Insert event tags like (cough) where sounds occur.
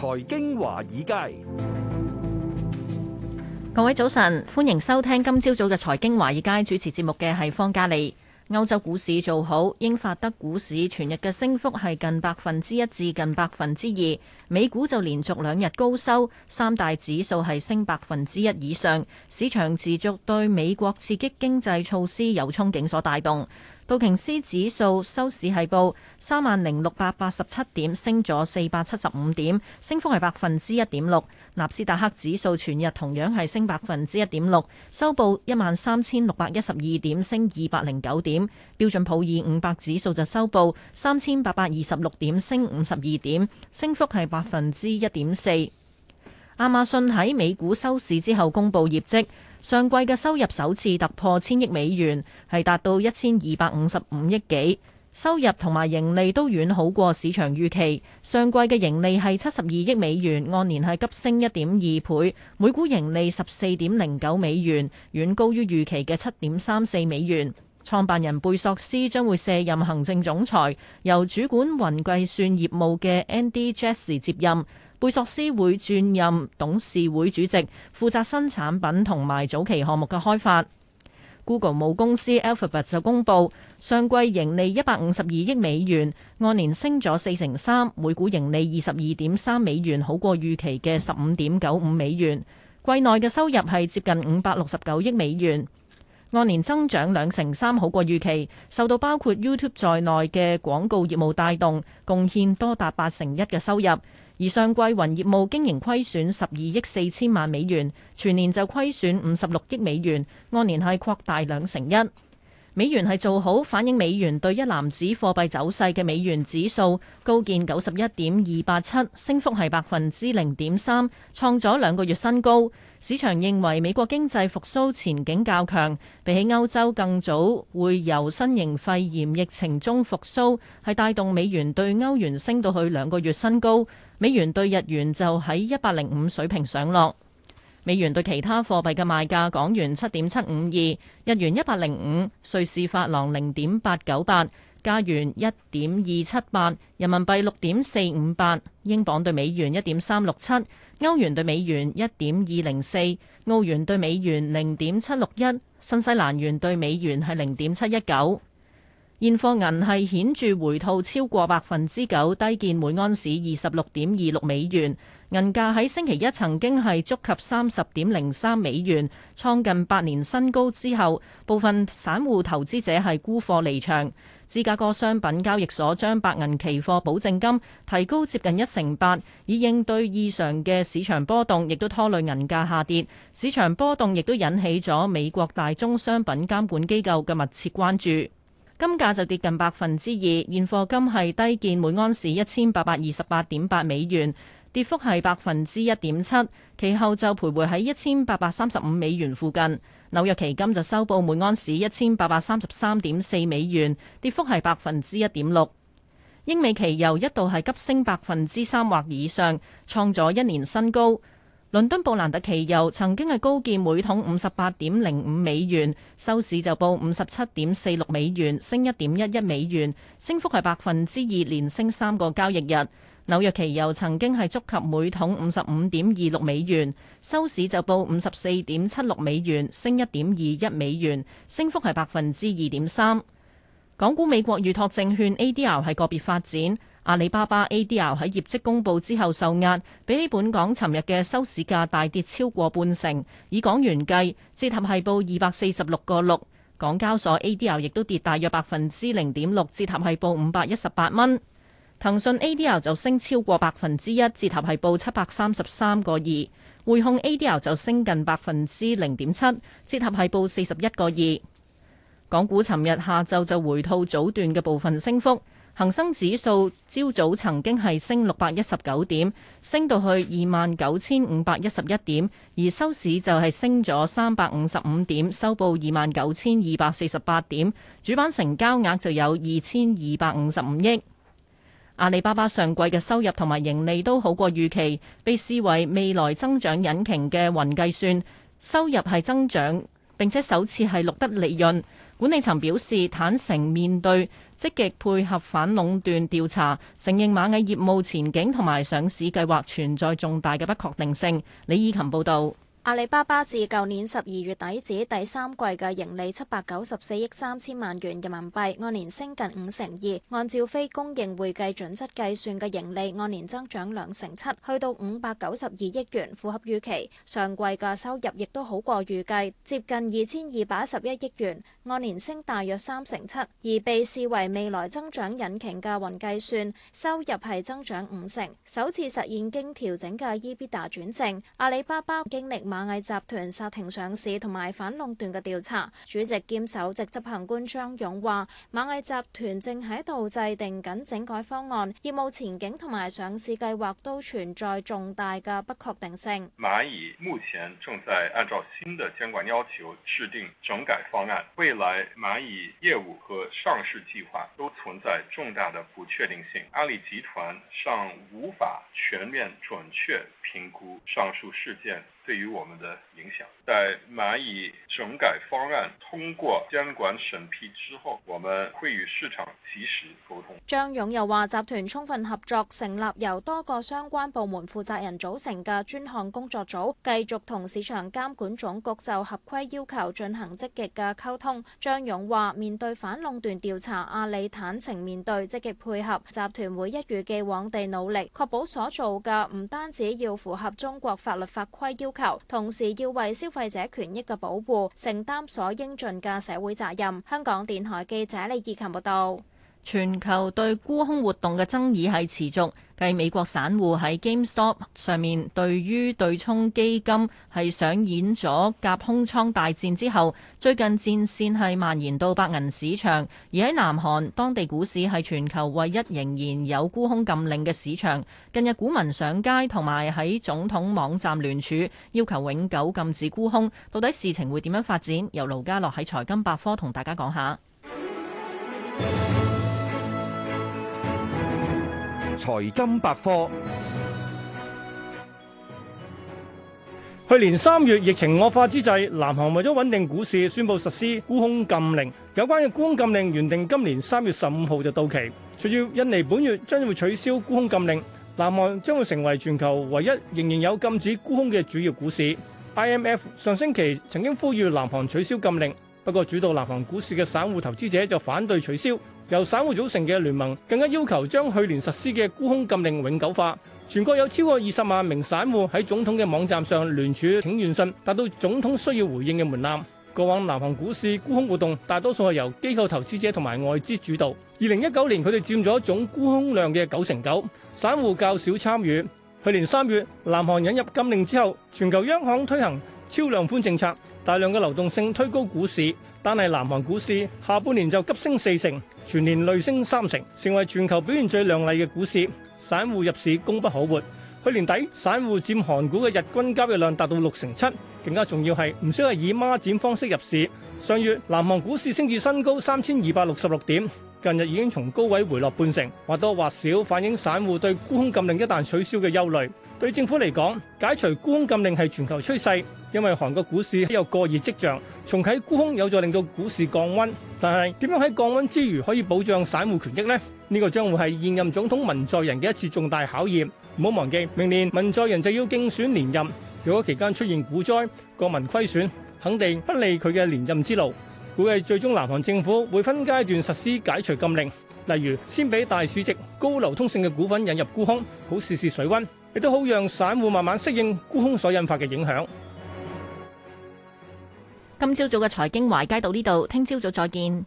財經華爾街，各位早晨，歡迎收聽今朝早嘅財經華爾街，主持節目嘅係方嘉利。歐洲股市做好，英法德股市全日嘅升幅係近百分之一至近百分之二，美股就連續兩日高收，三大指數係升百分之一以上，市場持續對美國刺激經濟措施有憧憬所帶動。道瓊斯指數收市係報三萬零六百八十七點，升咗四百七十五點，升幅係百分之一點六。納斯達克指數全日同樣係升百分之一點六，收報一萬三千六百一十二點，升二百零九點。標準普爾五百指數就收報三千八百二十六點，升五十二點，升幅係百分之一點四。亞馬遜喺美股收市之後公佈業績，上季嘅收入首次突破千億美元，係達到一千二百五十五億幾。收入同埋盈利都遠好過市場預期。上季嘅盈利係七十二億美元，按年係急升一點二倍，每股盈利十四點零九美元，遠高於預期嘅七點三四美元。創辦人貝索斯將會卸任行政總裁，由主管雲計算業務嘅 Andy Jassy 接任。貝索斯會轉任董事會主席，負責新產品同埋早期項目嘅開發。Google 母公司 Alphabet 就公佈上季盈利一百五十二億美元，按年升咗四成三，每股盈利二十二點三美元，好過預期嘅十五點九五美元。季內嘅收入係接近五百六十九億美元，按年增長兩成三，好過預期。受到包括 YouTube 在內嘅廣告業務帶動，貢獻多達八成一嘅收入。而上季雲業務經營虧損十二億四千萬美元，全年就虧損五十六億美元，按年係擴大兩成一。美元係做好反映美元對一籃子貨幣走勢嘅美元指數高見九十一點二八七，升幅係百分之零點三，創咗兩個月新高。市場認為美國經濟復蘇前景較強，比起歐洲更早會由新型肺炎疫情中復蘇，係帶動美元對歐元升到去兩個月新高。美元對日元就喺一百零五水平上落。美元對其他貨幣嘅賣價：港元七點七五二，日元一百零五，瑞士法郎零點八九八，加元一點二七八，人民幣六點四五八，英鎊對美元一點三六七，歐元對美元一點二零四，澳元對美元零點七六一，新西蘭元對美元係零點七一九。現貨銀係顯著回吐超過百分之九，低見每安士二十六點二六美元。銀價喺星期一曾經係觸及三十點零三美元，創近八年新高之後，部分散戶投資者係沽貨離場。芝加哥商品交易所將白銀期貨保證金提高接近一成八，以應對異常嘅市場波動，亦都拖累銀價下跌。市場波動亦都引起咗美國大宗商品監管機構嘅密切關注。金價就跌近百分之二，現貨金係低見每安士一千八百二十八點八美元。跌幅係百分之一點七，其後就徘徊喺一千八百三十五美元附近。紐約期金就收報每安士一千八百三十三點四美元，跌幅係百分之一點六。英美期油一度係急升百分之三或以上，創咗一年新高。倫敦布蘭特期油曾經係高見每桶五十八點零五美元，收市就報五十七點四六美元，升一點一一美元，升幅係百分之二，連升三個交易日。紐約期油曾經係觸及每桶五十五點二六美元，收市就報五十四點七六美元，升一點二一美元，升幅係百分之二點三。港股美國預託證券 ADR 係個別發展，阿里巴巴 ADR 喺業績公佈之後受壓，比起本港尋日嘅收市價大跌超過半成，以港元計，折合係報二百四十六個六。港交所 ADR 亦都跌大約百分之零點六，折合係報五百一十八蚊。騰訊 A.D.R 就升超過百分之一，折合係報七百三十三個二；匯控 A.D.R 就升近百分之零點七，折合係報四十一個二。港股尋日下晝就回吐早段嘅部分升幅，恒生指數朝早曾經係升六百一十九點，升到去二萬九千五百一十一點，而收市就係升咗三百五十五點，收報二萬九千二百四十八點，主板成交額就有二千二百五十五億。阿里巴巴上季嘅收入同埋盈利都好過預期，被視為未來增長引擎嘅雲計算收入係增長，並且首次係錄得利潤，管理層表示坦誠面對，積極配合反壟斷調查，承認螞蟻業務前景同埋上市計劃存在重大嘅不確定性。李以琴報道。阿里巴巴自舊年十二月底止第三季嘅盈利七百九十四億三千萬元人民幣，按年升近五成二。按照非公認會計準則計算嘅盈利，按年增長兩成七，去到五百九十二億元，符合預期。上季嘅收入亦都好過預計，接近二千二百一十一億元。按年升大約三成七，而被視為未來增長引擎嘅雲計算收入係增長五成，首次實現經調整嘅 EBITDA 轉正。阿里巴巴經歷螞蟻集團殺停上市同埋反壟斷嘅調查，主席兼首席執行官張勇話：螞蟻集團正喺度制定緊整改方案，業務前景同埋上市計劃都存在重大嘅不確定性。螞蟻目前正在按照新的監管要求制定整改方案。未來螞蟻業務和上市計劃都存在重大的不確定性，阿里集團尚無法全面準確評估上述事件，對於我們的影響，在螞蟻整改方案通過監管審批之後，我們會與市場及時溝通。張勇又話：集團充分合作，成立由多個相關部門負責人組成嘅專項工作組，繼續同市場監管總局就合規要求進行積極嘅溝通。張勇話：面對反壟斷調查，阿里坦誠面對，積極配合，集團會一如既，既往地努力，確保所做嘅唔單止要符合中國法律法規要求。同時要為消費者權益嘅保護承擔所應盡嘅社會責任。香港電台記者李義琴報道。全球對沽空活動嘅爭議係持續，繼美國散戶喺 GameStop 上面對於對沖基金係上演咗夾空倉大戰之後，最近戰線係蔓延到白銀市場，而喺南韓當地股市係全球唯一仍然有沽空禁令嘅市場。近日股民上街同埋喺總統網站聯署，要求永久禁止沽空。到底事情會點樣發展？由盧家樂喺財金百科同大家講下。 (music) 財經百科。去年三月疫情惡化之際，南韓為咗穩定股市，宣布實施沽空禁令。有關嘅沽空禁令原定今年三月十五號就到期。隨住印尼本月將會取消沽空禁令，南韓將會成為全球唯一仍然有禁止沽空嘅主要股市。IMF 上星期曾經呼籲南韓取消禁令，不過主導南韓股市嘅散戶投資者就反對取消。由散戶組成嘅聯盟更加要求將去年實施嘅沽空禁令永久化。全國有超過二十萬名散戶喺總統嘅網站上聯署請願信，達到總統需要回應嘅門檻。過往南韓股市沽空活動大多數係由機構投資者同埋外資主導。二零一九年佢哋佔咗總沽空量嘅九成九，散戶較少參與。去年三月南韓引入禁令之後，全球央行推行超量寬政策，大量嘅流動性推高股市。但係南韓股市下半年就急升四成，全年累升三成，成為全球表現最亮麗嘅股市。散戶入市功不可沒。去年底散戶佔韓股嘅日均交易量達到六成七，更加重要係唔少係以孖展方式入市。上月南韓股市升至新高三千二百六十六點，近日已經從高位回落半成，或多或少反映散戶對沽空禁令一旦取消嘅憂慮。對政府嚟講，解除沽空禁令係全球趨勢。因為韓國股市有過熱跡象，重啟沽空有助令到股市降溫，但係點樣喺降溫之餘可以保障散戶權益呢？呢個將會係現任總統文在寅嘅一次重大考驗。唔好忘記，明年文在寅就要競選連任，如果期間出現股災，國民虧損，肯定不利佢嘅連任之路。估計最終南韓政府會分階段實施解除禁令，例如先俾大市值、高流通性嘅股份引入沽空，好試試水溫，亦都好讓散戶慢慢適應沽空所引發嘅影響。今朝早嘅財經華爾街到呢度，聽朝早再見。